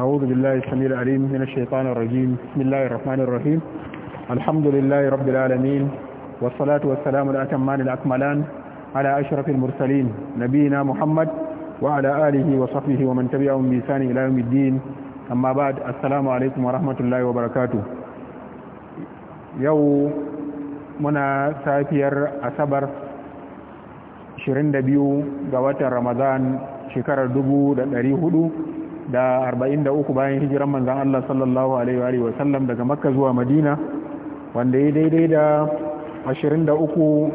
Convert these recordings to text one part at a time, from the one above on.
أعوذ بالله السميع العليم من الشيطان الرجيم بسم الله الرحمن الرحيم الحمد لله رب العالمين والصلاة والسلام الأتمان الأكملان على أشرف المرسلين نبينا محمد وعلى آله وصحبه ومن تبعهم بإحسان إلى يوم الدين أما بعد السلام عليكم ورحمة الله وبركاته يوم منا سافير أسبر 22 ga watan Ramadan shekarar 443 bayan hijiran manzan Allah sallallahu alaihi wa sallam daga makka zuwa madina wanda ya daidai da 23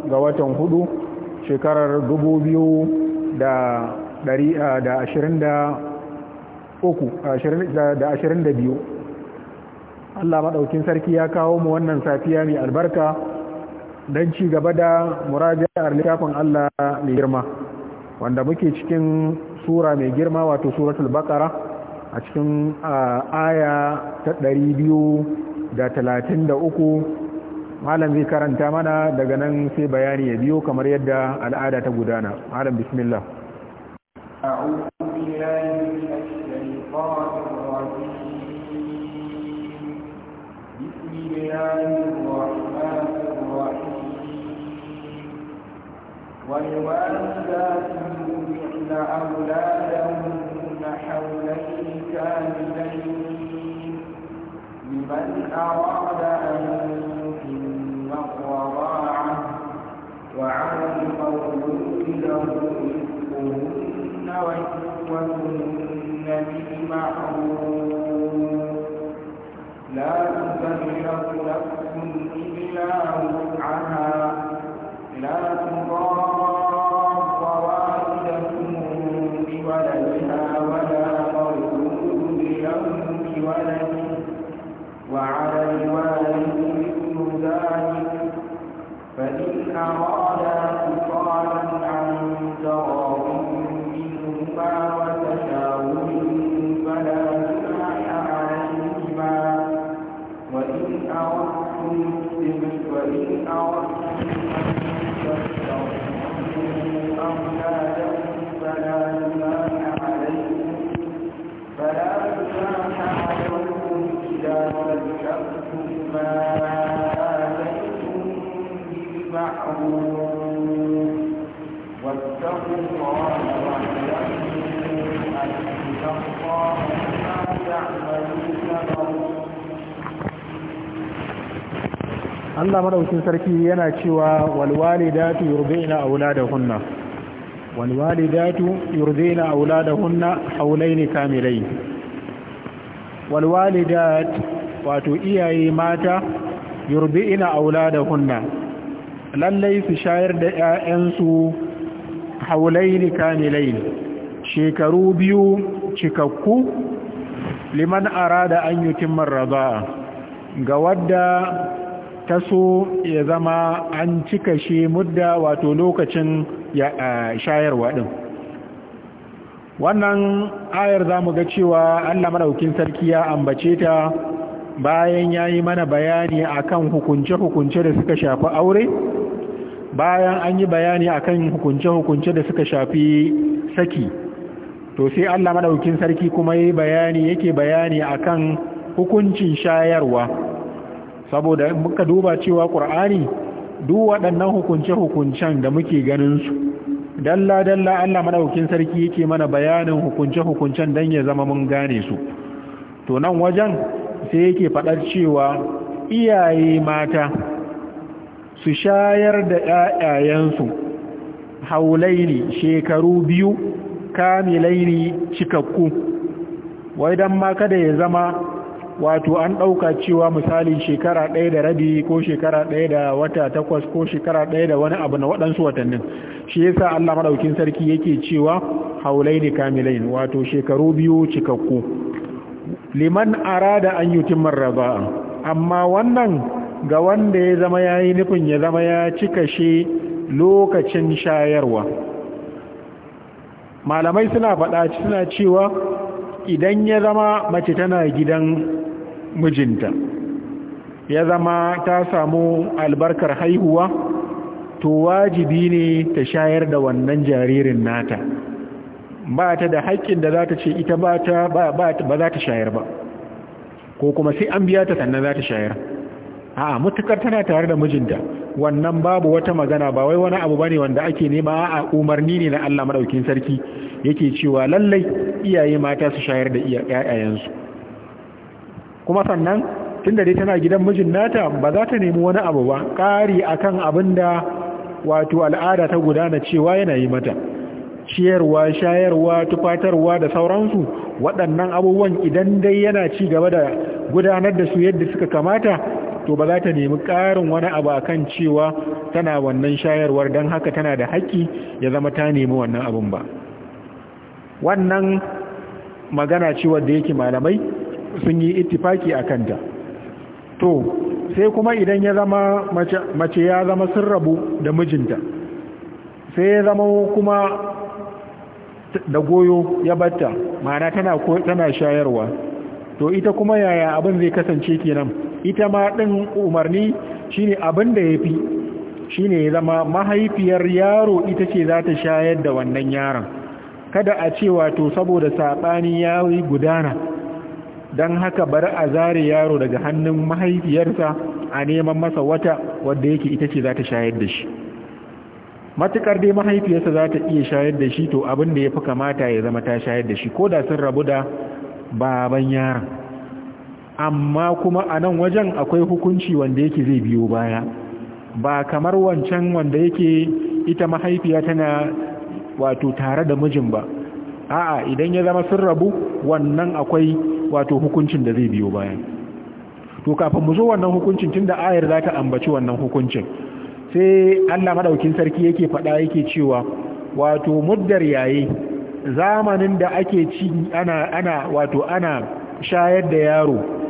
ga watan 4 shekarar 2022 Allah maɗaukin sarki ya kawo mu wannan safiya mai albarka don ci gaba da muraja'ar littafin Allah mai girma wanda muke cikin sura mai girma wato suratul baqara a cikin aya ta 233 malam zai karanta mana daga nan sai bayani ya biyo kamar yadda al'ada ta gudana malam bismillah أعوذ أولادهن حولين كاملين لمن أراد أن الرضاعة وعلى المولود له رزقهن وكسوتهن Allah madaukin sarki yana cewa walwalidatu yurdina auladahunna walwalidatu yurdina auladahunna haulaini kamilain walwalidat wato iyaye mata yurdina auladahunna lallai su shayar da 'ya'yansu haulaini kamilaini shekaru biyu cikakku liman arada an yutimar raza'a ga wadda ta so ya zama an cika shi mudda wato lokacin shayarwa din wannan ayar za mu ga cewa allah maɗaukin sarki ya ambace ta bayan ya yi mana bayani akan hukunce-hukunce da suka shafi aure bayan an yi bayani akan hukunce-hukunce da suka shafi saki to sai Allah Maɗaukin sarki kuma yi bayani yake bayani akan hukuncin shayarwa saboda muka duba cewa ƙur'ani, duk waɗannan hukunce-hukuncen da muke ganin su dalla-dalla Allah Maɗaukin sarki yake mana bayanin hukunce-hukuncen don ya zama mun gane su to nan wajen sai yake faɗar cewa iyaye mata su shayar da ‘ya'yayensu haulaini shekaru biyu kamilaini cikakku wai don ma kada ya zama wato an ɗauka cewa misali shekara ɗaya da rabi ko shekara ɗaya da wata takwas ko shekara ɗaya da wani abu na waɗansu watannin shi yasa Allah maɗaukin sarki yake cewa haulaini kamilaini wato shekaru biyu cikakku liman arada an yutimar raba amma wannan ga wanda ya zama ya yi nufin ya zama ya cika shi lokacin shayarwa malamai suna faɗa suna cewa idan ya zama mace tana gidan mijinta ya zama ta samu albarkar haihuwa to wajibi ne ta shayar da wannan jaririn nata ba ta da haƙƙin da za ta ce ita ba za ta shayar ba ko kuma sai an biya ta sannan za ta shayar a mutukar tana tare da mijinta wannan babu wata magana ba wai wani abu bane wanda ake nema a umarni ne na Allah madaukin sarki yake cewa lallai iyaye mata su shayar da iyayensu kuma sannan tunda dai tana gidan mijin nata ba za ta nemi wani abu ba ƙari akan abin da wato al'ada ta gudana cewa yana yi mata ciyarwa shayarwa tufatarwa da sauransu waɗannan abubuwan idan dai yana ci gaba da gudanar da su yadda suka kamata to ba za ta nemi ƙarin wani abu a kan cewa tana wannan shayarwar don haka tana da haƙƙi ya zama ta nemi wannan abin ba wannan magana cewa da yake malamai sun yi ittifaki a kanta to sai kuma idan ya zama mace ya zama sun rabu da mijinta sai ya zama kuma da goyo ya batta ma'ana tana shayarwa to ita kuma yaya abin zai kasance kenan ita ma ɗin umarni shine abin da ya fi shine ya zama mahaifiyar yaro ita ce za ta shayar da wannan yaron kada a ce wato saboda saɓani ya yi gudana don haka bari a zare yaro daga hannun mahaifiyarsa a neman masa wata wadda yake ita ce za ta shayar da shi matuƙar dai mahaifiyarsa za ta iya shayar da shi to abin da ya fi kamata ya zama ta shayar da shi ko da sun rabu da baban yaron amma kuma a nan wajen akwai hukunci wanda yake zai biyo baya ba kamar wancan wanda yake ita mahaifiya tana wato tare da mijin ba a'a idan ya zama sun rabu wannan akwai wato hukuncin da zai biyo baya to kafin mu zo wannan hukuncin tunda ayar za ta ambaci wannan hukuncin sai Allah madaukin sarki yake faɗa yake cewa wato muddar yayi zamanin da ake ci ana ana wato ana shayar da yaro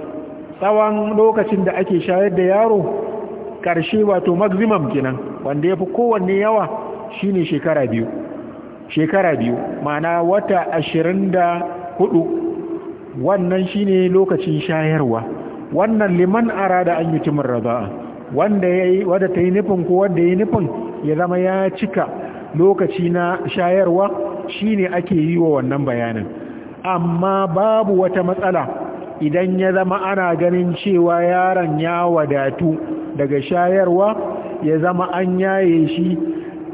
tsawon lokacin da ake shayar da yaro ƙarshe wato maximum kenan wanda ya fi kowanne yawa shine shekara biyu shekara biyu mana wata ashirin da hudu wannan shine lokacin shayarwa wannan liman ara da an yi timar raza'a wanda ya yi wadda ta yi nufin ko wadda ya yi nufin ya zama ya cika lokaci na shayarwa shine ake yi wa wannan bayanin amma babu wata matsala idan ya zama ana ganin cewa yaron ya wadatu daga shayarwa ya zama an yaye shi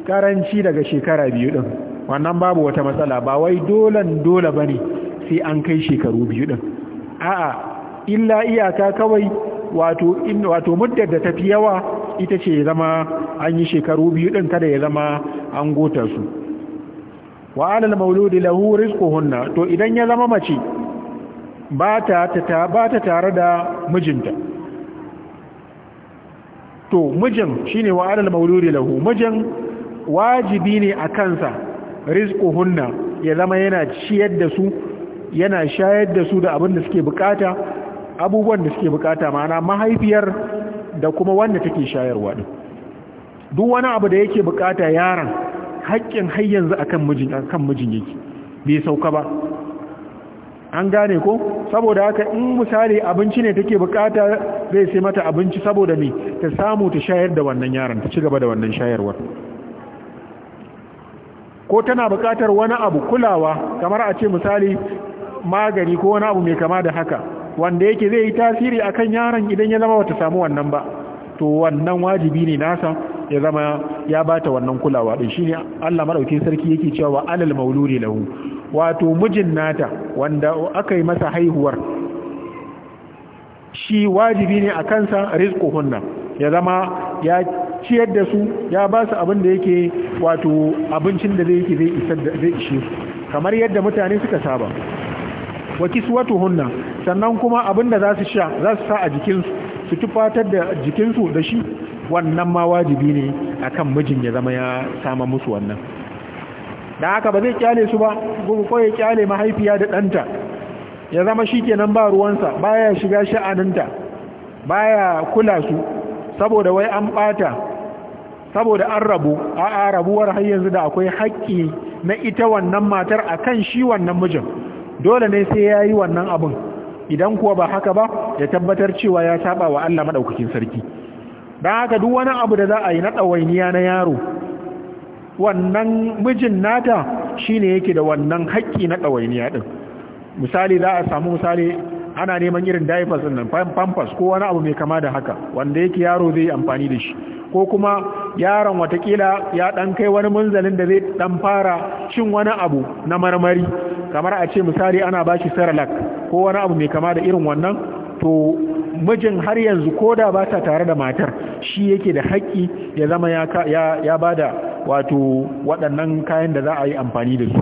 karanci daga shekara biyu din wannan babu wata matsala ba wai dolan dole bane sai an kai shekaru biyu din a'a illa iyaka kawai wato in wato muddar da tafi yawa ita ce ya zama an yi shekaru biyu din kada ya zama an gota su wa alal mauludi lahu rizquhunna to idan ya zama mace ba ta tare da mijinta to mijin shine wa adal mauludi lahu mijin wajibi ne a kansa rizquhunna ya zama yana ciyar da su yana shayar da su da abin da suke bukata abubuwan da suke bukata ma'ana mahaifiyar da kuma wanda take shayarwa din duk wani abu da yake bukata yaran haƙƙin hayyanzu akan mijin akan mijin yake bai sauka ba an gane ko saboda haka in misali abinci ne take bukata zai sai mata abinci saboda me ta samu ta shayar da wannan yaron ta ci da wannan shayarwar ko tana bukatar wani abu kulawa kamar a ce misali magani ko wani abu mai kama da haka wanda yake zai yi tasiri akan yaron idan ya zama bata samu wannan ba to wannan wajibi ne nasa ya zama ya bata wannan kulawa din shine Allah madaukakin sarki yake cewa alal mauludi lahu wato mijin nata wanda aka yi masa haihuwar shi wajibi ne a kansa rizquhunna ya zama ya ciyar da su ya ba su abin da yake wato abincin da zai yake zai isar da zai ishe su kamar yadda mutane suka saba wa hunna sannan kuma abin da za su sha za su sa a jikinsu su tufatar da jikinsu da shi wannan ma wajibi ne akan mijin ya zama ya sama musu wannan da aka ba zai kyale su ba ko ya kyale mahaifiya da ɗanta ya zama shi kenan ba ruwansa baya shiga sha'aninta baya kula su saboda wai an ɓata saboda an rabu a rabuwar har yanzu da akwai haƙƙi na ita wannan matar a kan shi wannan mijin dole ne sai ya yi wannan abin idan kuwa ba haka ba ya tabbatar cewa ya saba wa Allah maɗaukakin sarki don haka duk wani abu da za a yi na ɗawainiya na yaro wannan mijin nata shi ne yake da wannan haƙƙi na ɗawainiya ɗin misali za a samu misali ana neman irin diapers ɗin pampers ko wani abu mai kama da haka wanda yake yaro zai amfani da shi ko kuma yaron watakila ya ɗan kai wani munzalin da zai ɗan fara cin wani abu na marmari kamar a ce misali ana ba shi saralak ko wani abu mai kama da irin wannan to mijin har yanzu ko da ba ta tare da matar shi yake da haƙƙi ya zama ya ba da wato waɗannan kayan da za a yi amfani da su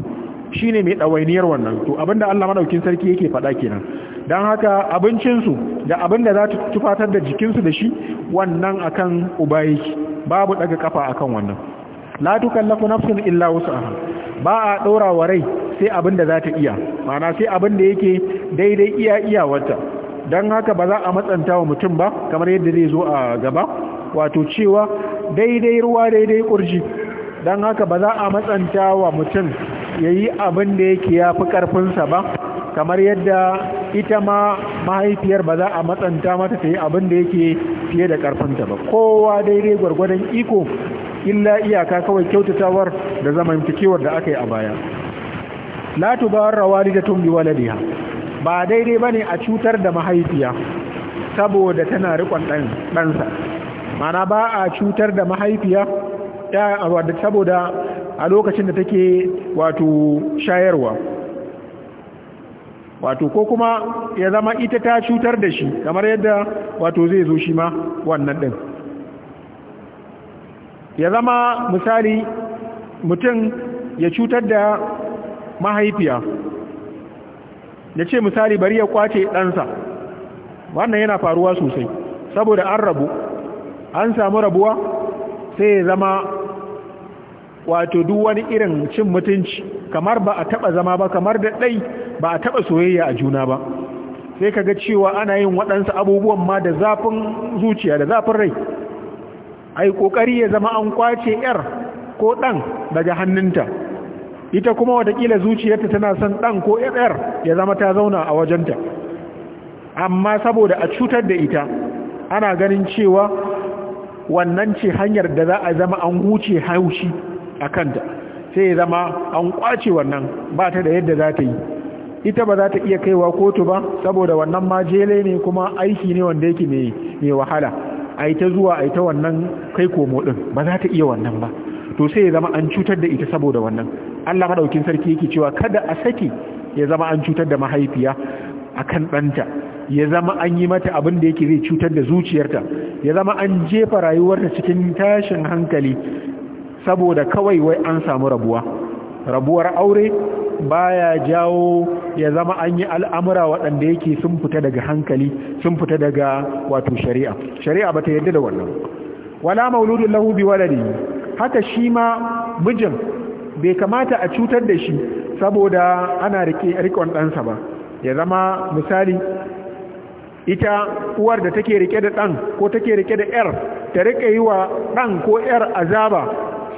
shi ne mai ɗawainiyar wannan to abinda Allah maɗaukin sarki yake faɗa kenan don haka abincinsu da abin da za ta tufatar da jikinsu da shi wannan akan uba yake babu ɗaga kafa akan wannan la tukallafu nafsin illa wus'aha ba a ɗora wa rai sai da za ta iya ma'ana sai abin abinda yake daidai iya wata don haka ba za a matsanta wa mutum ba kamar yadda zai zo a gaba wato cewa daidai ruwa daidai ƙurji, don haka ba za a matsanta wa mutum ya yi abin da yake ya fi ƙarfinsa ba kamar yadda ita ma mahaifiyar ba za a matsanta mata ta yi abin da yake fiye da ƙarfinta ba kowa daidai gwargwadon iko illa iyaka kawai kyautatawar da zamantakewar da aka yi a baya la tubarra da tumbi waladiya ba daidai ba ne a cutar da mahaifiya saboda tana rikon ɗansa mana ba a cutar da mahaifiya saboda a lokacin da take wato shayarwa wato ko kuma ya zama ita ta cutar da shi kamar yadda wato zai zo shi ma wannan ɗin ya zama misali mutum ya cutar da mahaifiya da ce misali bari ya kwace ɗansa wannan yana faruwa sosai saboda an rabu an samu rabuwa sai ya zama wato duk wani irin cin mutunci kamar ba a taba zama ba kamar da ɗai ba a taba soyayya a juna ba sai ka ga cewa ana yin waɗansa abubuwan ma da zafin zuciya da zafin rai ai ƙoƙari ya zama an kwace yar ko ɗan daga hannunta ita kuma watakila zuciyarta tana son ɗan ko ƴar ya zama ta zauna a wajenta amma saboda a cutar da ita ana ganin cewa wannan ce hanyar da za a zama an huce haushi a kanta sai ya zama an kwace wannan ba ta da yadda za ta yi ita ba za ta iya kaiwa kotu ba saboda wannan ma jele ne kuma aiki ne wanda yake mai wahala a ita zuwa a ita wannan kai komo ɗin ba za ta iya wannan ba to sai ya zama an cutar da ita saboda wannan Allah madaukin sarki yake cewa kada a saki ya zama an cutar da mahaifiya akan ɗanta ya zama an yi mata abin da yake zai cutar da zuciyarta ya zama an jefa rayuwarta cikin tashin hankali saboda kawai wai an samu rabuwa rabuwar aure baya jawo ya zama an yi al'amura waɗanda yake sun fita daga hankali sun fita daga wato shari'a shari'a ba ta yadda da wannan wala mauludin lahu bi waladi haka shi ma mijin bai kamata a cutar da shi saboda ana rikon ɗansa ba ya zama misali ita uwar da take rike da ɗan ko take rike da ‘yar ta rike yi wa ɗan ko ‘yar azaba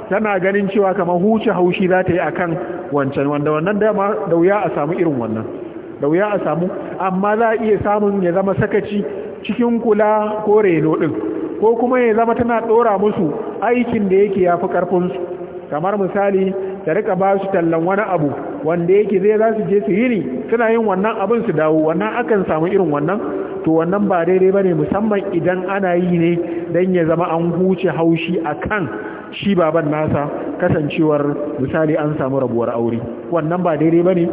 tana ganin cewa kamar huce haushi za ta yi a kan wancan wanda wannan dama da wuya a samu irin wannan da wuya a samu amma za a iya samun ya zama sakaci cikin kula ko reno ɗin ko kuma ya zama tana ɗora musu aikin da yake ya fi ƙarfinsu kamar misali ta rika ba su tallan wani abu wanda yake zai za su je su yi ni, suna yin wannan abin su dawo wannan akan samu irin wannan to wannan ba daidai ba ne musamman idan ana yi ne don ya zama an huce haushi a kan shi baban nasa kasancewar misali an samu rabuwar aure wannan ba daidai ba ne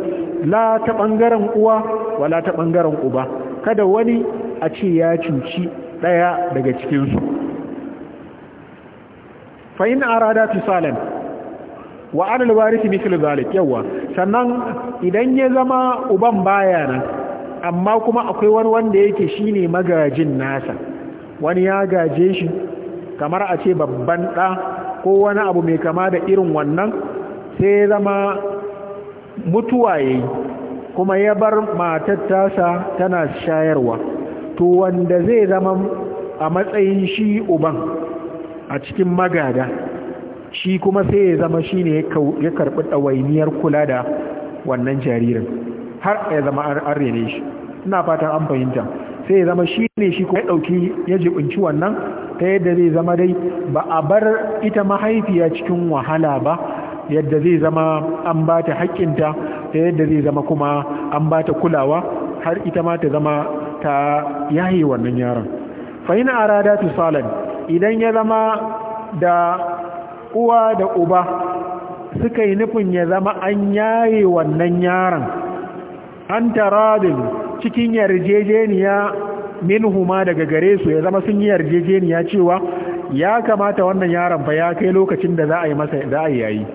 la ta ɓangaren uwa wala ta ɓangaren uba kada wani a ce ya cuci ɗaya daga cikinsu fa'in arada fisalan wa adal barisi mislu zalik yawa sannan idan ya zama uban baya nan amma kuma akwai wani wanda yake shine magajin nasa wani ya gaje shi kamar a ce babban ɗa ko wani abu mai kama da irin wannan sai ya zama mutuwa yayi kuma ya bar matar tasa tana shayarwa to wanda zai zama a matsayin shi uban a cikin magada shi kuma sai ya zama shi ne ya karɓi ɗawainiyar kula da wannan jaririn har ya zama an rene shi ina fatan an fahimta sai ya zama shi ne shi kuma ya ɗauki ya jibinci wannan ta yadda zai zama dai ba a bar ita mahaifiya cikin wahala ba yadda zai zama an ba ta haƙƙinta ta yadda zai zama kuma an ba ta kulawa har ita ma ta zama ta yaye wannan yaron Fahimta arada tusalan idan ya zama da uwa da uba suka yi nufin ya zama an yaye wannan yaron an taradin cikin yarjejeniya huma daga gare su ya zama sun yi yarjejeniya cewa ya kamata wannan yaron fa ya kai lokacin da za a yi masa za a yayi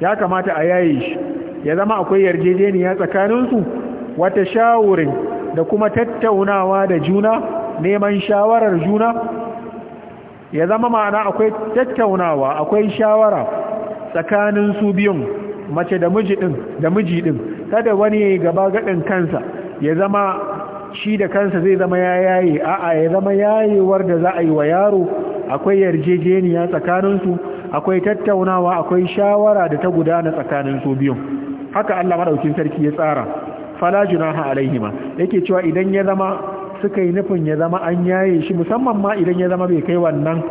ya kamata a yaye shi ya zama akwai yarjejeniya tsakaninsu wata shawurin da kuma tattaunawa da juna neman shawarar juna ya zama ma'ana akwai tattaunawa akwai shawara tsakanin su biyun mace da miji din da miji din kada wani gaba gadin kansa ya zama shi da kansa zai zama ya yaye a'a ya zama yayewar da za a yi wa yaro akwai yarjejeniya tsakanin su akwai tattaunawa akwai shawara da ta gudana tsakanin su biyun haka Allah madaukin sarki ya tsara fala junaha alaihima yake cewa idan ya zama suka yi nufin ya zama an yaye shi musamman ma idan ya zama bai kai wannan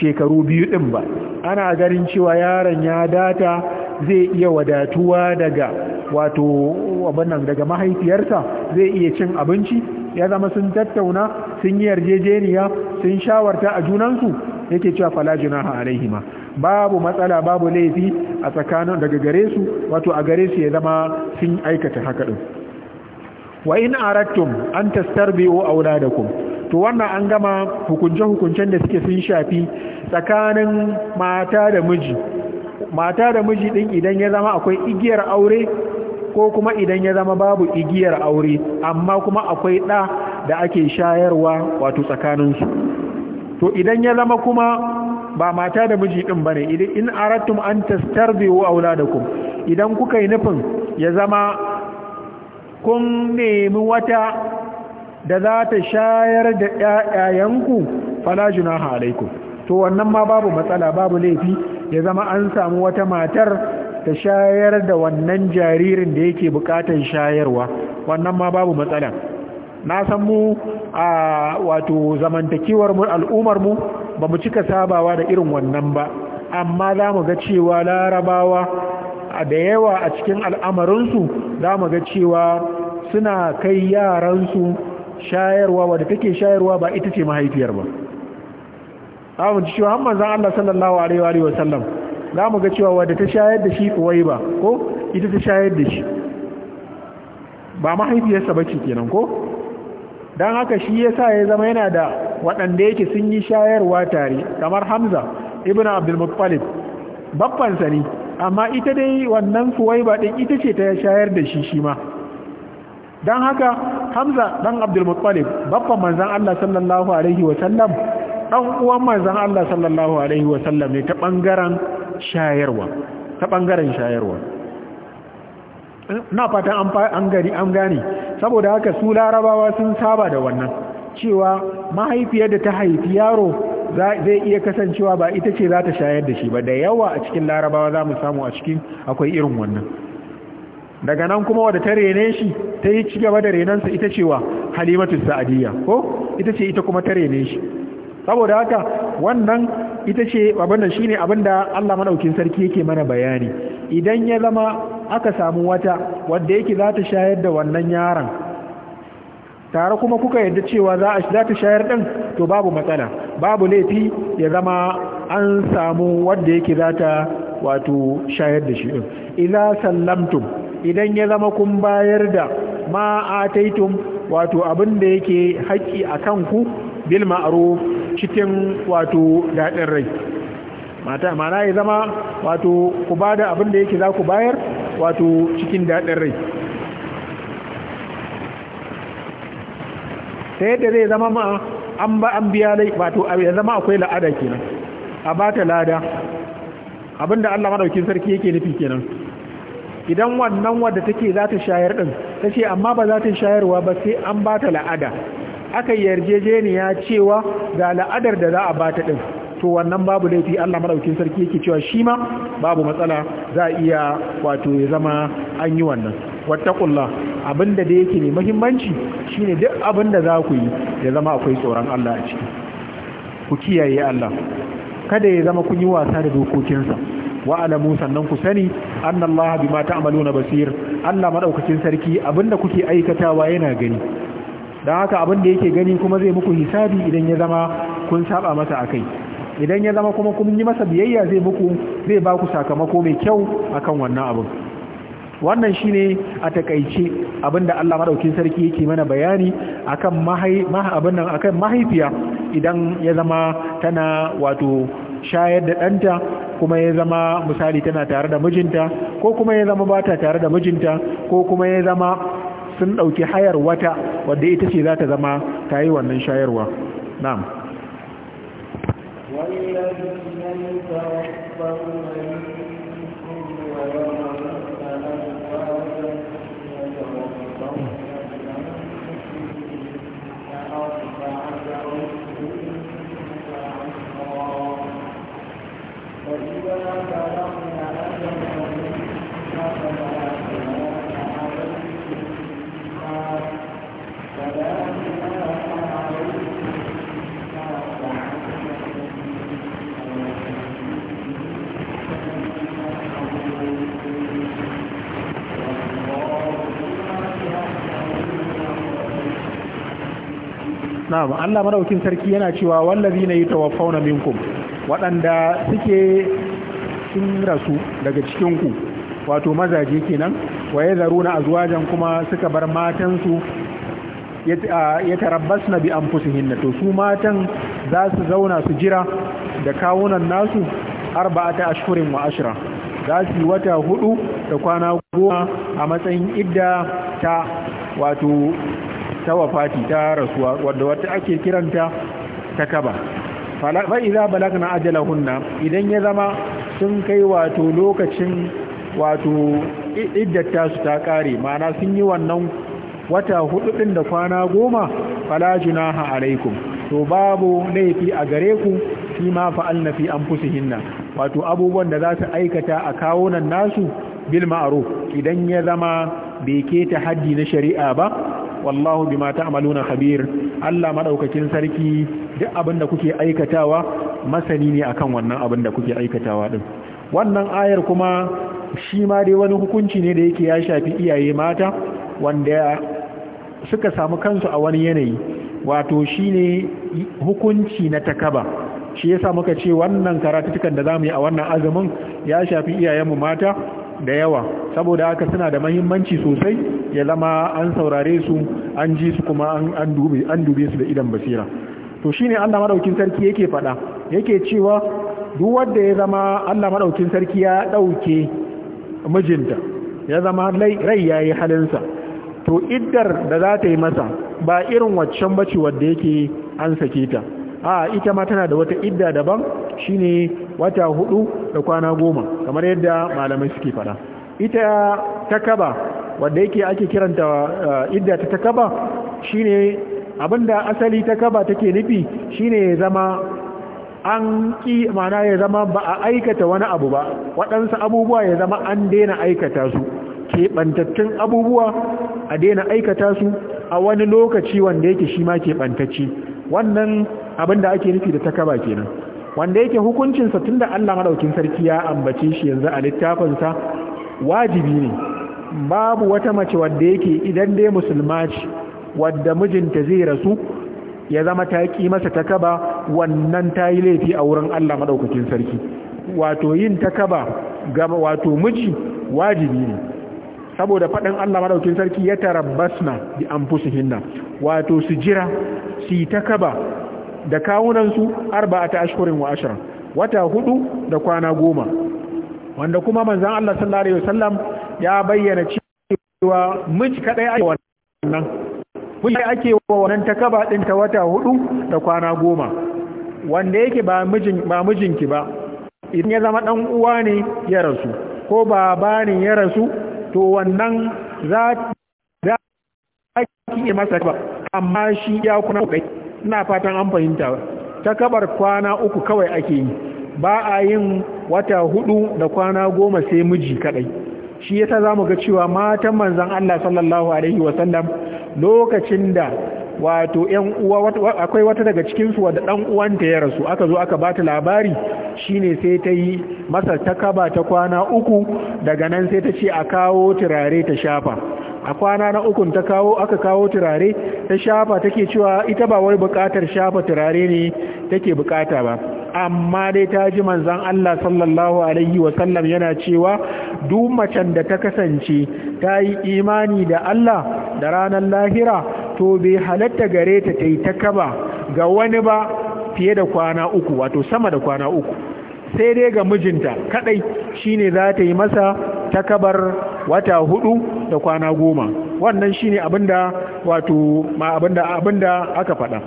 shekaru biyu din ba ana ganin cewa yaron ya data zai iya wadatuwa daga wato wannan daga mahaifiyarsa zai iya cin abinci ya zama sun tattauna sun yi yarjejeniya sun shawarta a junansu yake cewa fala junaha alaihima babu matsala babu laifi a tsakanin daga gare su wato a gare su ya zama sun aikata haka din wa in arattum an tastarbi'u auladakum to wannan an gama hukunce hukuncen da suke sun shafi tsakanin mata da miji mata da miji din idan ya zama akwai igiyar aure ko kuma idan ya zama babu igiyar aure amma kuma akwai ɗa da ake shayarwa wato tsakaninsu to idan ya zama kuma ba mata da miji ɗin ba ne in arattum an tastarbi'u auladakum idan kuka yi nufin ya zama kun nemi wata da za ta shayar da ƴaƴayanku juna junaha ku. to wannan ma babu matsala babu laifi ya zama an samu wata matar ta shayar da wannan jaririn da yake bukatar shayarwa wannan ma babu matsala na san mu a wato zamantakewar mu al'ummar mu bamu cika sabawa da irin wannan ba amma za mu ga cewa larabawa da yawa a cikin al'amarinsu za mu ga cewa suna kai yaransu shayarwa wadda take shayarwa ba ita ce mahaifiyar ba za mu ji cewa hamman zan Allah sallallahu alaihi wa sallam za mu ga cewa wadda ta shayar da shi kuwai ba ko ita ta shayar da shi ba mahaifiyarsa ba ce kenan ko don haka shi ya sa ya zama yana da waɗanda yake sun yi shayarwa tare kamar hamza ibn muttalib babban ne amma ita dai wannan suwaiba ɗin ita ce ta shayar da shi shi ma don haka hamza dan abdulmuttalib babban manzan allah sallallahu alaihi wasallam ɗan uwan manzan allah sallallahu alaihi wasallam ne ta ɓangaren shayarwa ta ɓangaren shayarwa na fatan an gani an gane saboda haka su larabawa sun saba da wannan cewa mahaifiyar da ta haifi yaro zai iya kasancewa ba ita ce za ta shayar da shi ba da yawa a cikin larabawa za mu samu a cikin akwai irin wannan daga nan kuma wadda ta rene shi ta yi ci gaba da renansa ita cewa halimatu sa'adiyya ko ita ce ita kuma ta rene shi saboda haka wannan ita ce abinda shi ne abinda Allah maɗaukin sarki yake mana bayani idan ya zama aka samu wata wadda yake za ta shayar da wannan yaron tare kuma kuka yadda cewa za a ta shayar din to babu matsala babu laifi ya zama an samu wanda yake za ta wato shayar da shi din idza sallamtum idan ya zama kun bayar da ma ataitum wato abin da yake haƙƙi a kanku bil ma'ruf cikin wato daɗin rai mata mana ya zama wato ku bada abin da yake za ku bayar wato cikin daɗin rai ta yadda zai zama ma an ba an biya lai wato ya zama akwai la'ada kenan a ba ta lada abinda Allah maɗaukin sarki yake nufi kenan idan wannan wadda take za ta shayar din ta amma ba za ta shayarwa ba sai an ba ta la'ada aka yarjejeniya cewa ga la'adar da za a ba ta din to wannan babu laifi Allah maɗaukin sarki yake cewa shi ma babu matsala za a iya wato ya zama an yi wannan wattaqullah abinda da yake ne muhimmanci shine duk abinda za ku yi ya zama akwai tsoron Allah a ciki ku kiyaye Allah kada ya zama kun yi wasa da dokokinsa wa alamu sannan ku sani annallaha bima ta'maluna basir Allah maɗaukacin sarki abinda kuke aikatawa yana gani dan haka abinda yake gani kuma zai muku hisabi idan ya zama kun saba masa akai idan ya zama kuma kun yi masa biyayya zai muku zai ba ku sakamako mai kyau akan wannan abin wannan shi ne a takaice abinda Allah maɗaukin sarki yake mana bayani akan mahaifiya idan ya zama tana wato shayar da ɗanta kuma ya zama misali tana tare da mijinta ko kuma ya zama ba ta tare da mijinta ko kuma ya zama sun ɗauki hayar wata wadda ita ce za ta zama ta yi wannan shayarwa na'am والذين na'am Allah madaukin sarki yana cewa wallazina yatawaffawna minkum waɗanda suke sun rasu daga cikin ku wato mazaje kenan waye zaruna azwajan kuma suka bar matansu ya tarabbasna bi anfusihinna to su matan za su zauna su jira da kawunan nasu arba'ata ashhurin wa ashra za su yi wata hudu da kwana goma a matsayin idda ta wato ta wafati ta rasuwa wadda wata ake kiranta ta kaba fa'iza balagna ajalahunna idan ya zama sun kai wato lokacin wato iddata su ta kare ma'ana sun yi wannan wata hudu din da kwana goma fala junaha alaikum to babu laifi a gare ku fi ma an fi hinna wato abubuwan da za su aikata a kawo nan nasu bil ma'aruf idan ya zama bai keta haddi na shari'a ba wallahu bima ta'maluna khabir Allah madaukakin sarki duk abin kuke aikatawa masani ne akan wannan abin kuke aikatawa din wannan ayar kuma shi ma dai wani hukunci ne da yake ya shafi iyaye mata wanda suka samu kansu a wani yanayi wato shine hukunci na takaba shi yasa muka ce wannan tukan da zamu yi a wannan azumin ya shafi mu mata da yawa saboda haka suna da mahimmanci sosai ya zama an saurare su an ji su kuma an dube su da idan basira to shine Allah madaukin sarki yake faɗa yake cewa duk wanda ya zama Allah maɗaukin sarki ya ɗauke mijinta ya zama rai yayi halin sa to iddar da za ta yi masa ba irin waccan bace wadda yake an sake ta a ita ma tana da wata idda daban shine wata hudu da kwana goma kamar yadda malamai suke fada ita takaba wanda yake ake kiranta eh, idda ta takaba shine abinda asali takaba take nufi shine ya zama an ki mana ya zama ba a aikata wani abu ba waɗansu abubuwa ya zama an daina aikata su keɓantattun abubuwa a daina aikata su a wani lokaci wanda yake shi ma keɓantacci wannan Abin da ake nufi da takaba kenan wanda yake hukuncinsa tunda Allah madaukin sarki ya ambace shi yanzu a littafinsa wajibi ne babu wata mace wanda yake idan dai musulma ce wadda mijinta zai rasu ya zama ta yi masa takaba wannan ta yi laifi a wurin Allah madaukakin sarki wato yin takaba ga wato miji wajibi ne saboda faɗin Allah madaukin sarki ya tarabbasna bi anfusihinna wato su jira su yi takaba da kawunansu ta ashkurin wa ashra wata hudu da kwana goma wanda kuma manzan Allah sallallahu alaihi wasallam ya bayyana cewa miji kadai ake wannan miji ake wannan takaba din ta wata hudu da kwana goma wanda yake ba mijin ba mijinki ba idan ya zama dan uwa ne ya rasu ko baba ne ya rasu to wannan za za ki masa ba amma shi ya kuna kai ina fatan an fahimta ta kabar kwana uku kawai ake yi ba a yin wata hudu da kwana goma sai miji kadai shi yasa zamu ga cewa matan manzon Allah sallallahu alaihi wasallam lokacin da wato yan uwa akwai wata daga cikin su wanda dan uwanta ya rasu aka zo aka bata labari shine sai ta yi masa takaba ta kwana uku daga nan sai ta ce a kawo turare ta shafa a kwana na ukun ta kawo aka kawo turare ta shafa take cewa ita ba wai bukatar shafa turare ne take bukata ba amma dai ta ji manzon Allah sallallahu alaihi sallam yana cewa duk macen da ta kasance ta yi imani da Allah da ranar lahira to bai halatta gare ta ta ta kaba ga wani ba fiye da kwana uku wato sama da kwana uku sai dai ga mijinta kadai shine za ta yi masa takabar wata hudu da kwana goma wannan shine abinda wato ma abinda abinda aka faɗa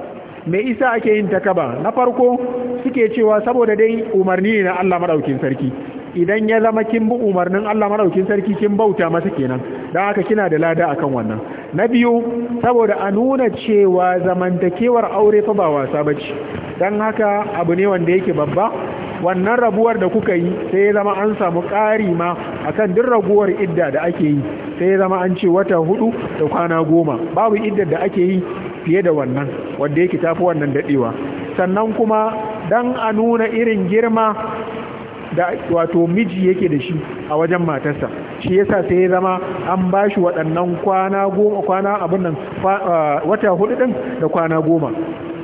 me isa ake yin takaba na farko suke cewa saboda dai umarni ne na Allah madaukin sarki idan ya zama kin bi umarnin Allah maraukin sarki kin bauta masa kenan dan haka kina da lada akan wannan na biyu saboda a nuna cewa zamantakewar aure fa ba wasa bace dan haka abu ne wanda yake babba wannan rabuwar da kuka yi sai ya zama an samu ƙari ma akan duk raguwar idda da ake yi sai ya zama an ce wata hudu da kwana goma babu idda da ake yi fiye da wannan wanda yake tafi wannan dadewa sannan kuma dan a nuna irin girma da wato miji yake da shi a wajen matarsa shi yasa sai ya zama an ba shi waɗannan kwana goma kwana abin nan wata hudu din da kwana goma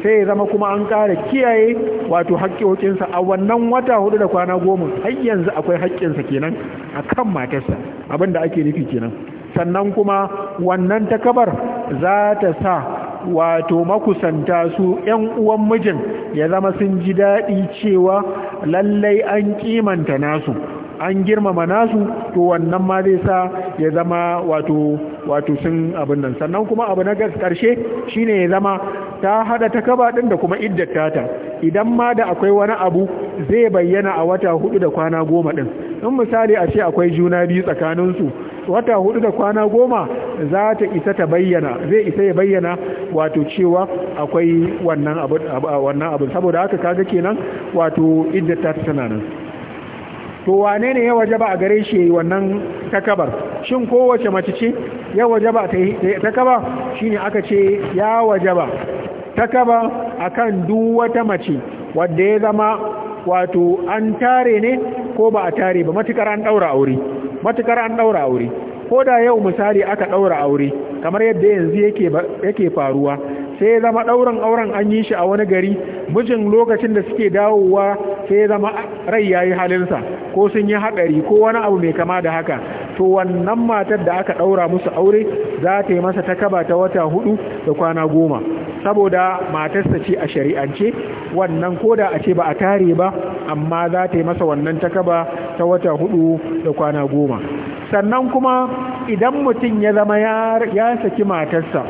sai ya zama kuma an ƙara kiyaye wato haƙƙoƙinsa a wannan wata hudu da kwana goma har yanzu akwai haƙƙinsa kenan a kan matarsa abin da ake nufi kenan sannan kuma wannan takabar za ta sa wato makusanta su ‘yan uwan mijin ya zama sun ji daɗi cewa lallai an kimanta nasu an girmama nasu to wannan ma zai sa ya zama wato wato sun abin nan sannan kuma abu na karshe shine ya zama ta hada ta kaba din da kuma iddata ta idan ma da akwai wani abu zai bayyana a wata hudu da kwana goma din in misali a ce akwai juna biyu tsakaninsu wata hudu da kwana goma za ta isa ta bayyana zai isa ya bayyana wato cewa akwai wannan abu saboda haka kaga kenan wato idda ta tana nan to wane ne ya waje ba a gare shi yi wannan takabar shin kowace mace ce ya waje ba ta takaba shi ne aka ce ya waje ba. takaba akan duk wata mace wadda ya zama wato an tare ne ko ba a tare ba matukar an daura aure matukar an daura aure ko da yau misali aka daura aure kamar yadda yanzu yake yake faruwa sai ya zama ɗaurin auren an yi shi a wani gari mijin lokacin da suke dawowa sai zama rai ya yi halinsa ko sun yi haɗari ko wani abu mai kama da haka to wannan matar da aka ɗaura musu aure za ta yi masa ta kaba ta wata hudu da kwana goma saboda matarsa ce a shari'ance wannan ko da a ce ba a tare ba amma za ta yi masa wannan ta kaba ta wata hudu da kwana goma sannan kuma idan mutum ya zama ya saki matarsa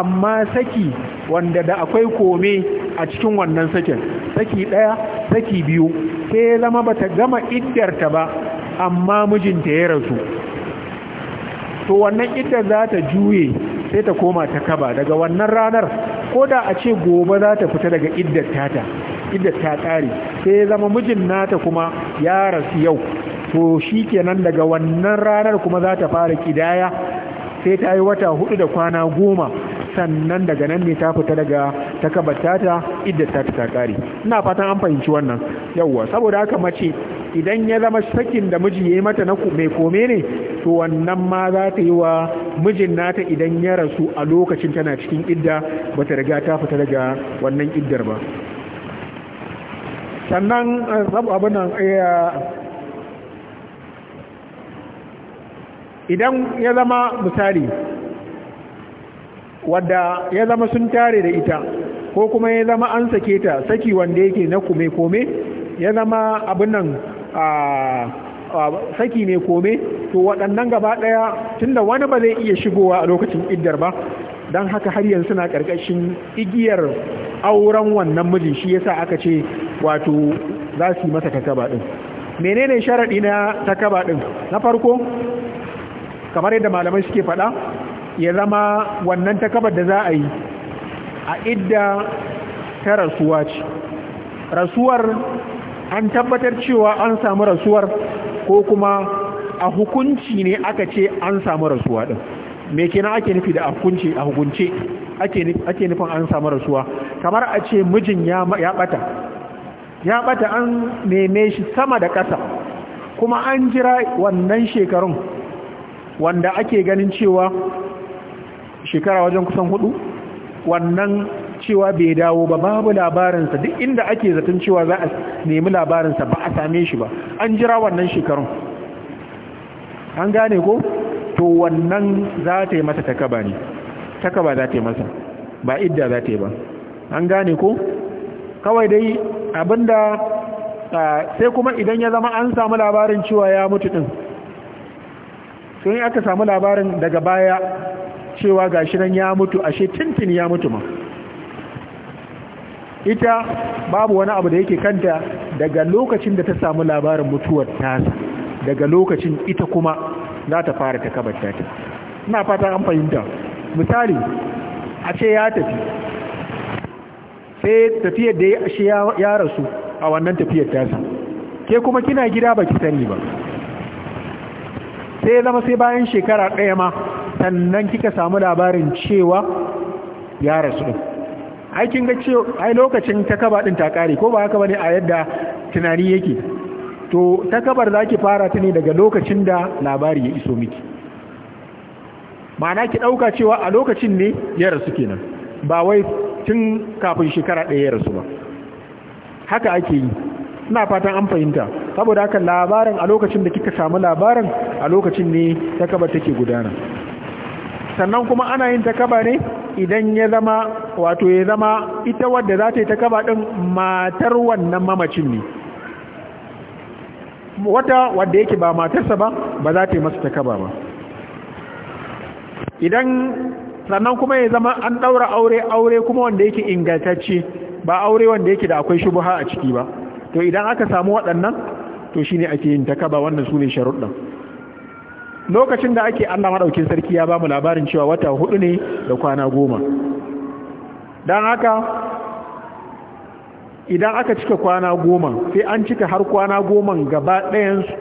amma saki wanda da akwai kome a cikin wannan sakin saki ɗaya saki biyu sai ya zama ta gama iddarta ba amma mijinta ya rasu to wannan iddar za ta juye sai ta koma ta kaba daga wannan ranar ko da a ce gobe za ta fita daga iddar ta iddar ta ƙare sai zama mijin nata kuma ya rasu yau to shi kenan daga wannan ranar kuma za ta fara ƙidaya sai ta yi wata hudu da kwana goma sannan daga nan ne ta fita daga takabarta ta idda ta ta kare ina fatan an fahimci wannan yawwa saboda haka mace idan ya zama sakin da miji yayi mata na mai kome ne to wannan ma za ta yi wa mijin nata idan ya rasu a lokacin tana cikin idda ba ta riga ta fita daga wannan iddar ba sannan eh, abinan eh, idan ya zama misali wadda ya zama sun tare da ita ko kuma ya zama an sake ta saki wanda yake na kome-kome ya zama abin nan saki mai kome to waɗannan gaba ɗaya tunda wani ba zai iya shigowa a lokacin iddar ba don haka har yanzu suna ƙarƙashin igiyar auren wannan mijin shi yasa aka ce wato za su yi masa takaba ɗin menene sharaɗi na takaba ɗin na farko kamar yadda malamai suke faɗa ya zama wannan takabar da za a yi a idda ta rasuwa ce rasuwar an tabbatar cewa an samu rasuwar ko kuma a hukunci ne aka ce an samu rasuwa ɗin. me kina ake nufi da a hukunci a hukunce ake nufin an samu rasuwa kamar a ce mijin ya bata ya bata an neme shi sama da ƙasa kuma an jira wannan shekarun wanda ake ganin cewa shekara wajen kusan hudu wannan cewa bai dawo ba babu labarinsa duk inda ake zaton cewa za a nemi labarinsa ba a same shi ba an jira wannan shekarun an gane ko to wannan za ta yi masa takaba ne takaba za ta yi masa ba idda za ta yi ba an gane ko kawai dai abinda sai kuma idan ya zama an samu labarin cewa ya mutu din sun aka samu labarin daga baya cewa gashi nan ya mutu ashe tintin ya mutu ma ita babu wani abu da yake kanta daga lokacin da ta samu labarin mutuwar tasa daga lokacin ita kuma za ta fara ta kabarta ta ina fata an fahimta misali a ce ya tafi sai tafiyar da ya ya rasu a wannan tafiyar tasa ke kuma kina gida baki sani ba sai zama sai bayan shekara ɗaya ma sannan kika samu labarin cewa ya rasu ɗin aikin ga ce ai lokacin takaba ɗin ta kare ko ba haka ba ne a yadda tunani yake to takabar ki fara ta ne daga lokacin da labari ya iso miki ma'ana ki ɗauka cewa a lokacin ne ya rasu kenan ba wai tun kafin shekara ɗaya ya rasu ba haka ake yi ina fatan an fahimta saboda haka labarin a lokacin da kika samu labarin a lokacin ne ta kaba take gudana sannan kuma ana yin takaba ne idan ya zama wato ya zama ita wadda za ta yi takaba ɗin matar wannan mamacin ne wata wadda yake ba matarsa ba ba za ta yi masa takaba ba idan sannan kuma ya zama an ɗaura aure aure kuma wanda yake ingantacce ba aure wanda yake da akwai shubuha a ciki ba to idan aka samu waɗannan to shi ne ake yin takaba wannan su ne sharuɗin lokacin da ake Allah maɗaukin sarki ya ba mu labarin cewa wata hudu ne da kwana goma dan haka idan aka cika kwana goma sai an cika har kwana goma gaba ɗayansu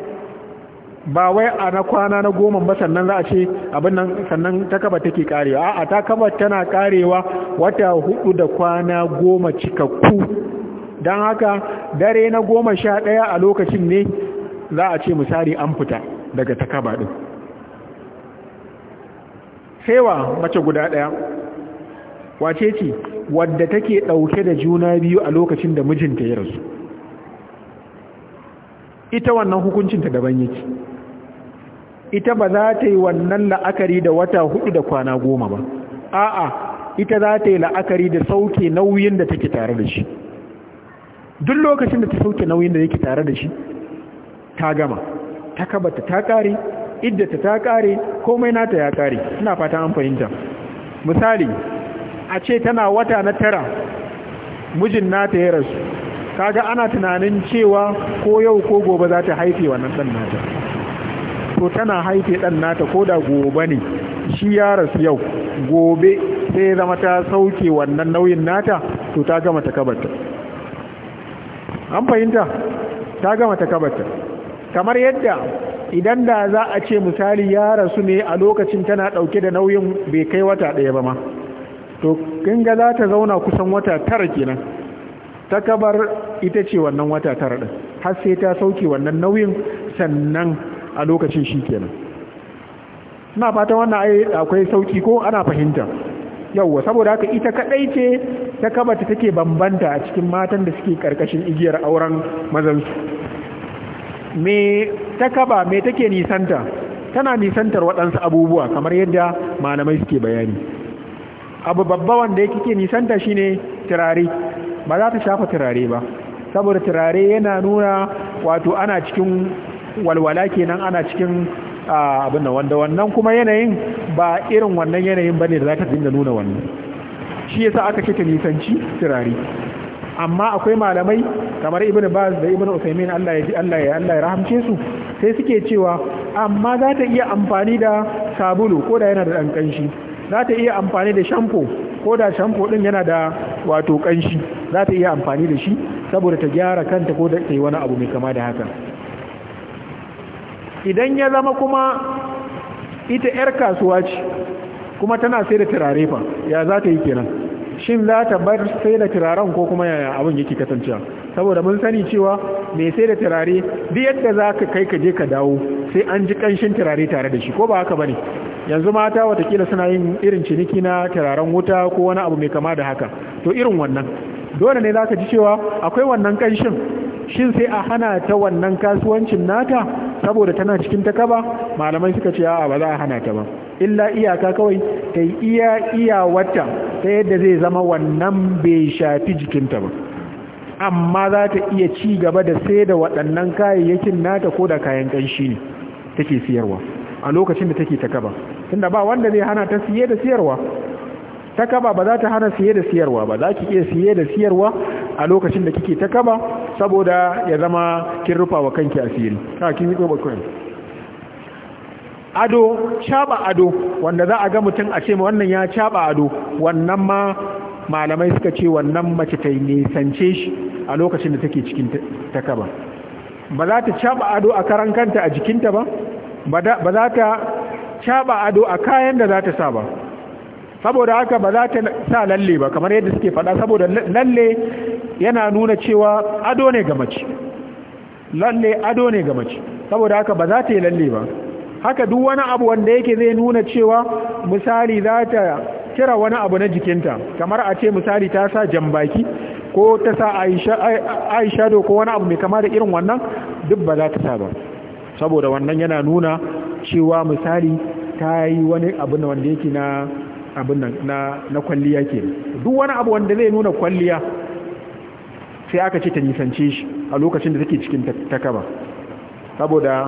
ba wai a na kwana na goma ba sannan za a ce abin nan sannan ta kaba take karewa a ta kaba tana karewa wata hudu da kwana goma cikakku don haka dare na goma sha ɗaya a lokacin ne za a ce misali an fita daga takaba ɗin saiwa mace guda ɗaya wace ce wadda take ɗauke da juna biyu a lokacin da mijinta ya rasu ita wannan hukuncinta daban yake ita ba za ta yi wannan la'akari da wata hudu da kwana goma ba a'a ita za ta yi la'akari da sauke nauyin da take tare da shi duk lokacin da ta sauke nauyin da yake tare da shi ta gama ta kabata ta kare iddata ta kare komai nata ya kare ina fata an fahimta misali a ce tana wata na tara mijin nata ya rasu kaga ana tunanin cewa ko yau ko gobe za ta haife wannan dan nata to tana haife dan nata ko da gobe ne shi ya rasu yau gobe sai ya zama ta sauke wannan nauyin nata to ta gama ta kabarta an fahimta ta gama ta kabarta kamar yadda idan da za a ce misali ya rasu ne a lokacin tana ɗauke da nauyin bai kai wata ɗaya ba ma to kinga za ta zauna kusan wata tara kenan ta kabar ita ce wannan wata tara ɗin har sai ta sauke wannan nauyin sannan a lokacin shi kenan ina fata wannan ai akwai sauki ko ana fahimta yauwa saboda haka ita kadai ce ta kabata take bambanta a cikin matan da suke karkashin igiyar auren mazansu me ta kaba mai take nisanta tana nisantar waɗansu abubuwa kamar yadda malamai suke bayani abu babba wanda yake ke nisanta shine turare ba za ta shafa turare ba saboda turare yana nuna wato ana cikin walwala kenan ana cikin abin wanda wannan kuma yanayin ba irin wannan yanayin ba ne da za ta dinga nuna wannan shi yasa aka ce nisanci turare amma akwai malamai kamar ibnu baz da ibnu usaymin Allah ya ji Allah ya Allah ya rahamce su sai suke cewa amma za ta iya amfani da sabulu ko da yana da dan kanshi za ta iya amfani da shampo ko da shampo din yana da wato kanshi za ta iya amfani da shi saboda ta gyara kanta ko da ta yi wani abu mai kama da haka idan ya zama kuma ita 'yar kasuwa ce kuma tana sai da turare fa ya za ta yi kenan shin za ta bar sai da turaren ko kuma yaya abin yake kasancewa saboda mun sani cewa mai sai da turare duk yadda za ka kai ka je ka dawo sai an ji kanshin turare tare da shi ko ba haka bane yanzu mata watakila suna yin irin ciniki na turaren wuta ko wani abu mai kama da haka to irin wannan dole ne za ka ji cewa akwai wannan kanshin shin sai a hana ta wannan kasuwancin nata saboda tana cikin takaba malamai suka ce a ba za a hana ta ba illa iyaka kawai ta iya iya wata ta yadda zai zama wannan bai shafi jikinta ba amma za ta iya ci gaba da sai da waɗannan kayayyakin nata ko da kayan ƙanshi ne take siyarwa a lokacin da take takaba tunda ba wanda zai hana ta siye da siyarwa takaba ba za ta hana siye da siyarwa ba za ki iya siye da siyarwa a lokacin da kike takaba saboda ya zama kin rufa wa kanki asiri ka kin yi ba kanki ado caba ado wanda za a ga mutum a ce wannan ya caba ado wannan ma malamai suka ce wannan mace ta nisance shi a lokacin da take cikin takaba ba za ta caba ado a karan kanta a jikinta ba ba za ta caba ado a kayan da za ta sa ba saboda haka ba za ta sa lalle ba kamar yadda suke faɗa saboda lalle yana nuna cewa ado ne ga mace lalle ado ne ga mace saboda haka ba za ta yi lalle ba haka duk wani abu wanda yake zai nuna cewa misali za ta kira wani abu na jikinta kamar a ce misali ta sa jambaki ko ta sa aisha do ko wani abu mai kama da irin wannan duk ba za ta sa ba saboda wannan yana nuna cewa misali ta yi wani abu na wanda yake na na kwalliya ke duk wani abu wanda zai nuna kwalliya sai aka ce ta nisance shi a lokacin da take cikin takaba saboda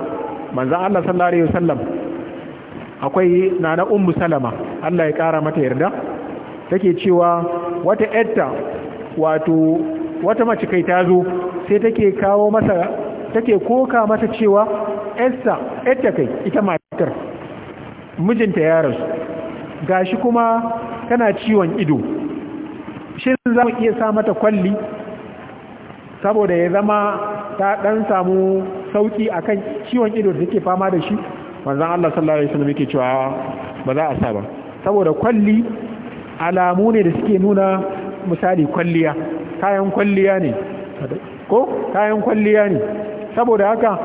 manzan Allah sallallahu alaihi wasallam akwai nana ummu salama Allah ya kara mata yarda take cewa wata yadda wato wata mace kai ta zo sai take kawo masa take koka masa cewa yarsa yarta kai ita matar mijinta ya rasu gashi kuma tana ciwon ido shin za mu iya sa mata kwalli saboda ya zama ta dan samu sauki akan ciwon ido da take fama da shi manzon Allah sallallahu alaihi wasallam yake cewa ba za a sa ba saboda kwalli alamu ne da suke nuna misali kwalliya kayan kwalliya ne ko kayan kwalliya ne saboda haka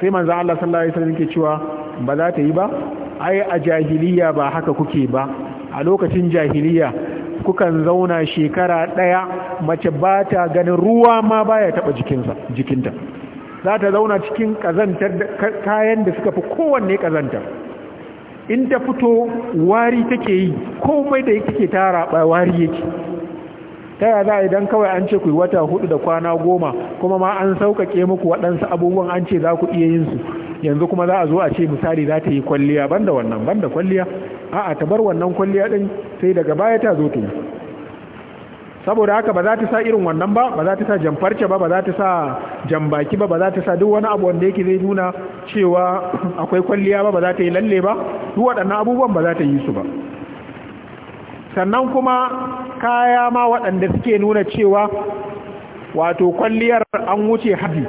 sai manzon Allah sallallahu alaihi wasallam yake cewa ba za ta yi ba ai a jahiliya ba haka kuke ba a lokacin jahiliya kukan zauna shekara ɗaya mace ba ta ganin ruwa ma baya taɓa jikinta za ta zauna cikin kazantar kayan da suka fi kowanne kazantar. in ta fito wari take yi komai da take tara ba wari yake ta yaya za a idan kawai an ce ku yi wata hudu da kwana goma kuma ma an sauƙaƙe muku waɗansu abubuwan an ce za ku iya yin su yanzu kuma za a zo a ce misali za ta yi kwalliya banda wannan banda kwalliya a'a ta bar wannan kwalliya din sai daga baya ta zo ta yi saboda haka ba za ta sa irin wannan ba ba za ta sa jamfarce ba ba za ta sa jambaki ba ba za ta sa duk wani abu wanda yake zai nuna cewa akwai kwalliya ba ba za ta yi lalle ba duk waɗannan abubuwan ba za ta yi su ba sannan kuma kaya ma waɗanda suke nuna cewa wato kwalliyar an wuce haɗi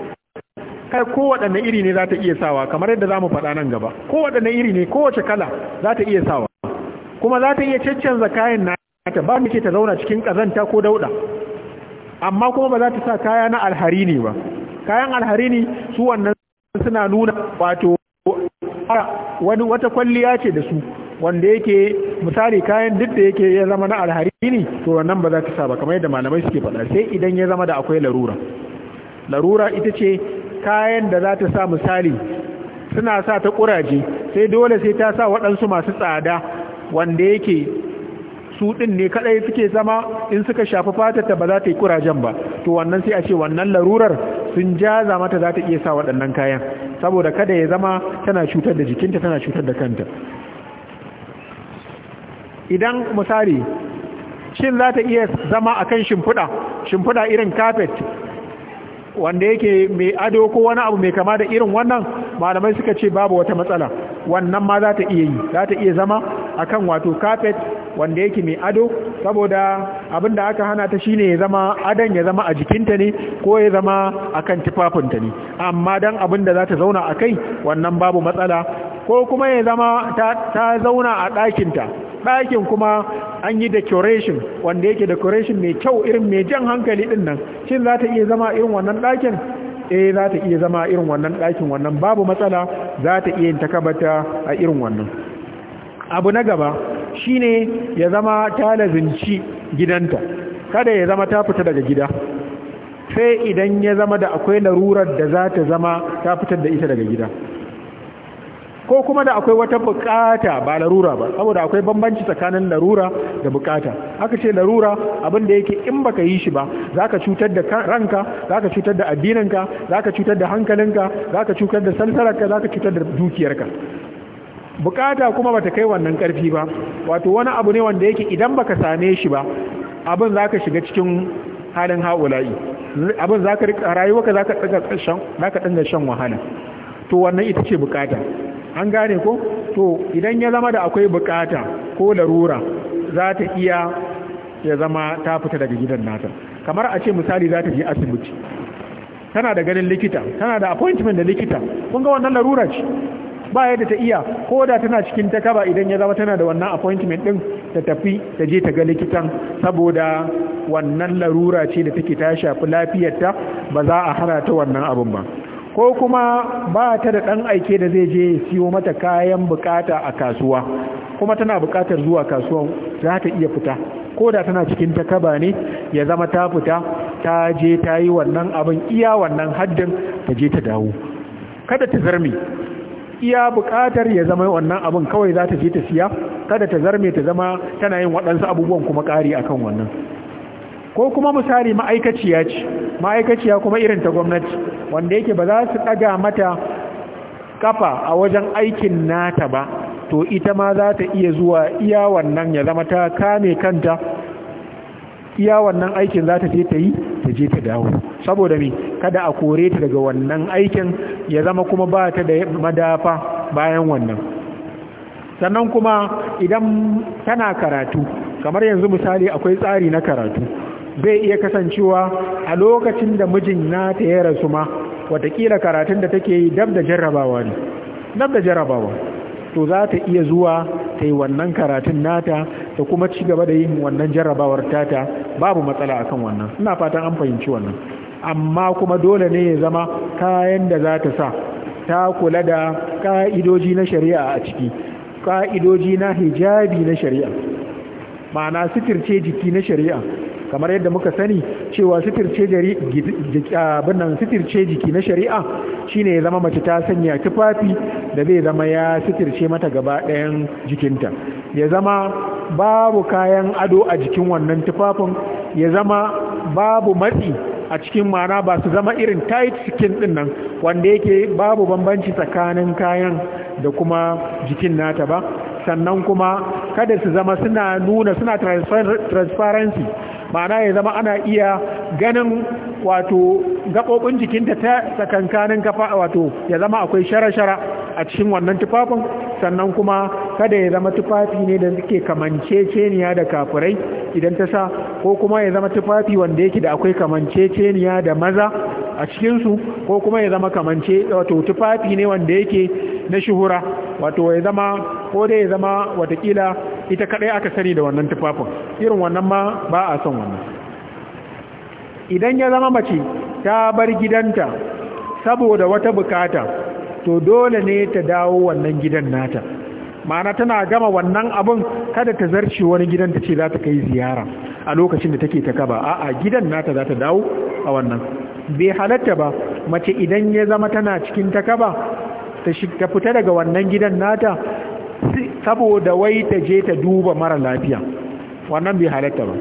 kai waɗanne iri ne za ta iya sawa kamar yadda za mu faɗa nan gaba Ko waɗanne iri ne kowace kala za ta iya sawa kuma za ta iya caccanza kayan na ta ba mace ta zauna cikin ƙazanta ko dauɗa. amma kuma ba za ta sa kaya na alhari ne ba kayan alhari ne su wannan suna nuna wato wani wata kwalliya ce da su wanda yake misali kayan duk da yake ya zama na alhari ne to wannan ba za ta sa ba kamar yadda malamai suke faɗa sai idan ya zama da akwai larura larura ita ce kayan da za ta sa misali suna sa ta ƙuraje sai dole sai ta sa waɗansu masu tsada wanda yake su ɗin ne kadai suke zama in suka shafi fatar ta ba za ta yi kurajen ba to wannan sai a ce wannan larurar sun jaza mata za ta iya sa waɗannan kayan saboda kada ya zama tana cutar da jikinta tana cutar da kanta idan misali shin za ta iya zama akan shimfiɗa shimfiɗa irin carpet wanda yake mai ado ko wani abu mai kama da irin wannan malamai suka ce babu wata matsala wannan ma za ta iya yi za ta iya zama akan wato carpet wanda yake mai ado saboda abin da aka hana ta shine ya zama adon ya zama a jikinta ne ko ya zama akan tufafinta ne amma dan abin da za ta zauna a kai wannan babu matsala ko kuma ya zama ta zauna a ɗakinta ɗakin kuma an yi decoration wanda yake decoration mai kyau irin mai jan hankali ɗin nan shin za ta iya zama irin wannan ɗakin eh za ta iya zama irin wannan ɗakin wannan babu matsala za ta iya yin takabata a irin wannan abu na gaba Shi ne ya zama ta lazinci gidanta kada ya zama ta fita daga gida sai idan ya zama da akwai larurar da za ta zama ta fitar da ita daga gida ko kuma da akwai wata bukata ba larura ba saboda akwai bambanci tsakanin larura da bukata aka ce larura abinda yake in baka yi shi ba za ka cutar da ranka za ka cutar da addininka ka cutar da hankalinka za ka cutar da za ka cutar da dukiyarka bukata kuma bata kai wannan ƙarfi ba wato wani abu ne wanda yake idan baka same shi ba abin zaka shiga cikin halin haula'i abin zaka ka zaka daga shan zaka shan wahala to wannan ita ce bukata an gane ko to idan ya zama da akwai bukata ko larura za ta iya ya zama ta fita daga gidan nata kamar a ce misali za ta je asibiti tana da ganin likita tana da appointment da likita kun ga wannan larura ce ba yadda ta iya ko da tana cikin takaba idan ya zama tana da wannan appointment din ta tafi ta je ta ga likitan saboda wannan larura ce da take ta shafi lafiyarta ba za a hana ta wannan abin ba ko kuma ba ta da ɗan aike da zai je siyo mata kayan bukata a kasuwa kuma tana bukatar zuwa kasuwan za ta iya fita ko da tana cikin takaba ne ya zama ta fita ta je ta yi wannan abin iya wannan haddin ta je ta dawo kada ta zarmi iya bukatar ya zama wannan abin kawai za ta je ta siya kada ta zarme ta zama tana yin waɗansu abubuwan kuma ƙari akan wannan ko kuma misali ma'aikaciya ce ma'aikaciya kuma irin ta gwamnati wanda yake ba za su ɗaga mata kafa a wajen aikin nata ba to ita ma za ta iya zuwa iya wannan ya zama ta kame kanta iya wannan aikin za ta je ta yi ta je ta dawo saboda me kada a kore ta daga wannan aikin ya zama kuma ba ta da madafa bayan wannan sannan kuma idan tana karatu kamar yanzu misali akwai tsari na karatu zai iya kasancewa a lokacin da mijin na ta ya rasu ma watakila karatun da take yi dab da jarrabawa ne dab da jarrabawa to za ta iya zuwa ta yi wannan karatun nata ta kuma ci gaba da yin wannan jarrabawar tata babu matsala akan wannan ina fatan an fahimci wannan amma kuma dole ne ya zama kayan da za ta sa ta kula da ka'idoji na shari'a a ciki ka'idoji na hijabi na shari'a ma'ana sitirce jiki na shari'a kamar yadda muka sani cewa sitirce jiki na shari'a shine ya zama mace ta sanya tufafi da zai zama ya sitirce mata gaba ɗayan jikinta ya zama babu kayan ado a jikin wannan tufafin ya zama babu matsi a cikin mana ba su zama irin tight skin din nan wanda yake babu bambanci tsakanin kayan da kuma jikin nata ba sannan kuma kada su zama suna nuna suna transparency ma'ana ya zama ana iya ganin wato gaɓoɓin jikinta ta tsakankanin kafa wato ya zama akwai shara-shara a cikin wannan tufafin sannan kuma kada ya zama tufafi ne da suke kamanceceniya da kafurai idan ta sa ko kuma ya zama tufafi wanda yake da akwai kamanceceniya da maza a cikinsu ko kuma ya zama kamance wato tufafi ne wanda yake na shuhura wato ya zama ko da ya zama watakila ita kadai aka sani da wannan tufafin irin wannan ma ba a son wannan idan ya zama mace ta bar gidanta saboda wata bukata to dole ne ta dawo wannan gidan nata mana tana gama wannan abun kada ta zarce wani gidan da ce za ta kai ziyara a lokacin da take ta kaba a'a gidan nata za ta dawo a wannan bai halatta ba mace idan ya zama tana cikin ta kaba ta fita daga wannan gidan nata saboda wai ta je ta duba mara lafiya wannan bai halatta ba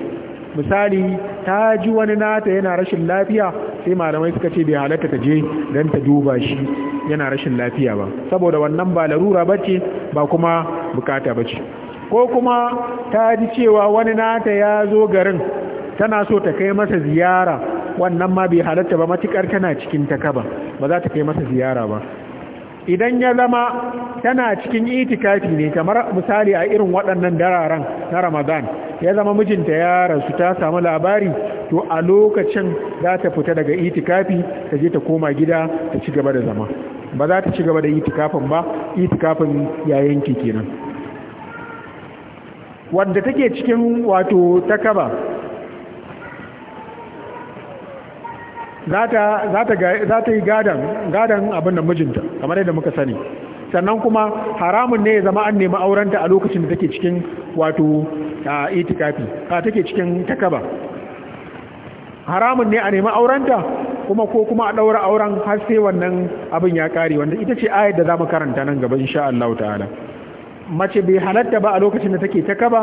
misali ta ji wani nata yana rashin lafiya sai malamai suka ce bai halatta ta je don ta duba shi yana rashin lafiya ba saboda wannan ba larura bace ba kuma bukata bace ko kuma ta ji cewa wani nata ya zo garin tana so ta kai masa ziyara wannan ma bai halatta ba matukar tana cikin takaba ba za ta kai masa ziyara ba idan ya zama tana cikin itikafi ne kamar misali a irin waɗannan dararan na ramadan ya zama mijinta ya rasu ta samu labari to a lokacin za ta fita daga itikafi ta je ta koma gida ta ci gaba da zama ba za ta ci gaba da itikafin ba itikafin ya yanke kenan wadda take cikin wato takaba za ta yi gadon abin da mijinta kamar yadda muka sani sannan kuma haramun ne ya zama an nemi aurenta a lokacin da take cikin wato itikafi ka take cikin takaba haramun ne a nemi aurenta kuma ko kuma a ɗaura auren har sai wannan abin ya kare wanda ita ce ayar da za mu karanta nan gaba insha Allah ta'ala mace bai halatta ba a lokacin da take takaba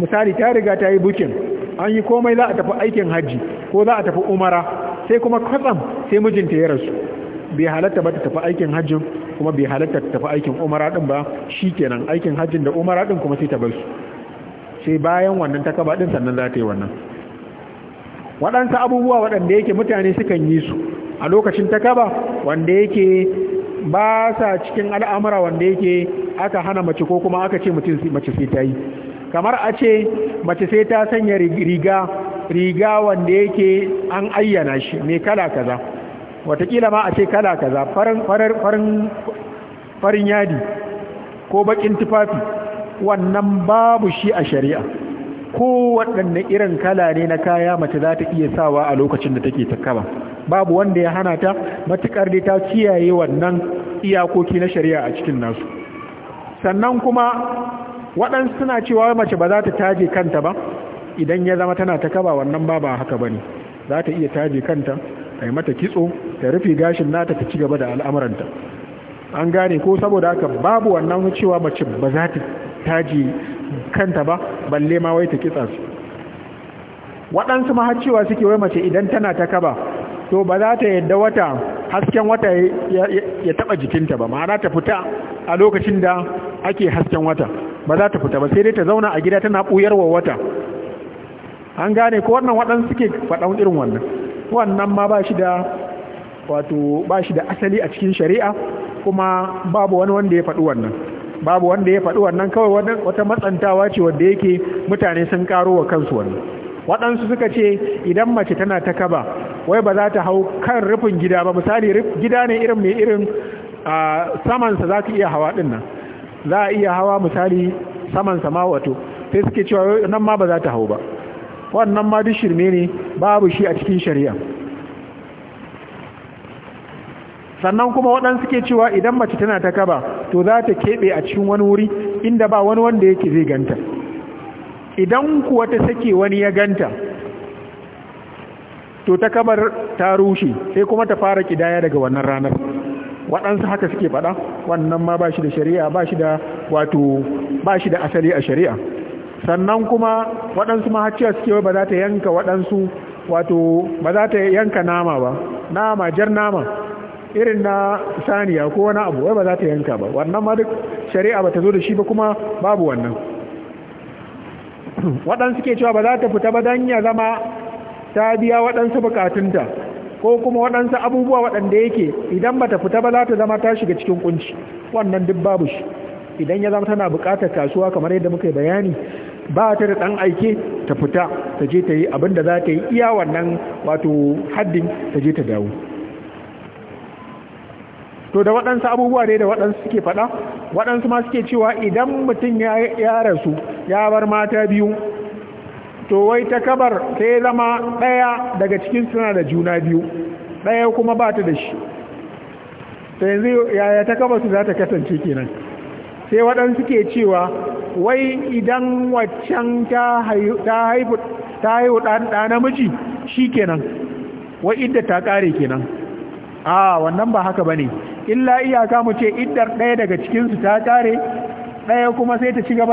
misali ta riga ta yi bukin an yi komai za a tafi aikin hajji ko za a tafi umara sai kuma kwatsam sai mijinta ya rasu bai halatta ba ta tafi aikin hajjin kuma bai halatta ta tafi aikin umara din ba shikenan aikin hajjin da umara din kuma sai ta bar su sai bayan wannan ta kaba din sannan za ta yi wannan Waɗansa abubuwa waɗanda yake mutane sukan yi su a lokacin ta kaba wanda yake ba sa cikin al'amura wanda yake aka hana mace ko kuma aka ce mace sai ta yi kamar a ce mace sai ta sanya riga riga wanda yake an ayyana shi mai kala kaza watakila ma a ce kala kaza farin yadi ko bakin tufafi wannan babu shi a shari'a ko waɗanne irin kala ne na kaya mace za ta iya sawa a lokacin da take takaba babu wanda ya hana ta matukar da ta kiyaye wannan iyakoki na shari'a a cikin nasu sannan kuma waɗansu suna cewa mace ba za ta taje kanta ba idan ya zama tana ta kaba wannan ba ba haka bane za ta iya taje kanta ta yi mata kitso ta rufe gashin nata ta ci gaba da al'amuranta an gane ko saboda haka babu wannan cewa mace ba za ta taje kanta ba balle ma wai ta kitsa su waɗansu ma har cewa suke wai mace idan tana ta kaba to ba za ta yadda wata hasken wata ya taɓa jikinta ba ma'ana ta fita a lokacin da ake hasken wata ba za ta fita ba sai dai ta zauna a gida tana ɓuyarwa wata an gane ko wannan waɗansu suke faɗan irin wannan wannan ma ba shi da wato ba shi da asali a cikin shari'a kuma babu wani wanda ya faɗi wannan babu wanda ya faɗi wannan kawai wata matsantawa ce wanda yake mutane sun karo wa kansu wannan waɗansu suka ce idan mace tana ta kaba wai ba za ta hau kan rufin gida ba misali gida ne irin mai irin samansa za ka iya hawa ɗin nan za a iya hawa misali samansa ma wato sai suke cewa nan ma ba za ta hau ba wannan ma duk shirme ne babu shi a cikin shari'a sannan kuma waɗansu ke cewa idan mace tana ta kaba to za ta keɓe a cikin wani wuri inda ba wani wanda yake zai ganta idan kuwa ta sake wani ya ganta to ta kabar ta rushe sai kuma ta fara kidaya daga wannan ranar waɗansu haka suke faɗa wannan ma ba shi da shari'a ba shi da wato ba shi da asali a shari'a sannan kuma waɗansu mahacciyar suke ba za ta yanka waɗansu wato ba za ta yanka nama ba nama jar nama irin na saniya ko wani abu wai ba za ta yanka ba wannan ma duk shari'a ba ta zo da shi ba kuma babu wannan waɗansu ke cewa ba za ta fita ba don ya zama ta biya waɗansu bukatunta ko kuma waɗansu abubuwa waɗanda yake idan ba ta fita ba za ta zama ta shiga cikin kunci wannan duk babu shi idan ya zama tana bukatar kasuwa kamar yadda muka yi bayani ba ta da ɗan aike ta fita ta je ta yi abin da za ta yi iya wannan wato haddin ta je ta dawo to da waɗansu abubuwa ne da waɗansu suke faɗa waɗansu ma suke cewa idan mutum ya rasu ya bar mata biyu to wai ta kabar sai zama ɗaya daga cikin suna da juna biyu ɗaya kuma ba ta da shi ta yanzu yaya ta kabar su za ta kasance kenan sai waɗansu ke cewa wai idan waccan ta haihu ɗa namiji shi kenan wai idda ta ƙare kenan a wannan ba haka ba ne illa iyaka mu ce iddar ɗaya daga cikinsu ta ƙare ɗaya kuma sai ta ci gaba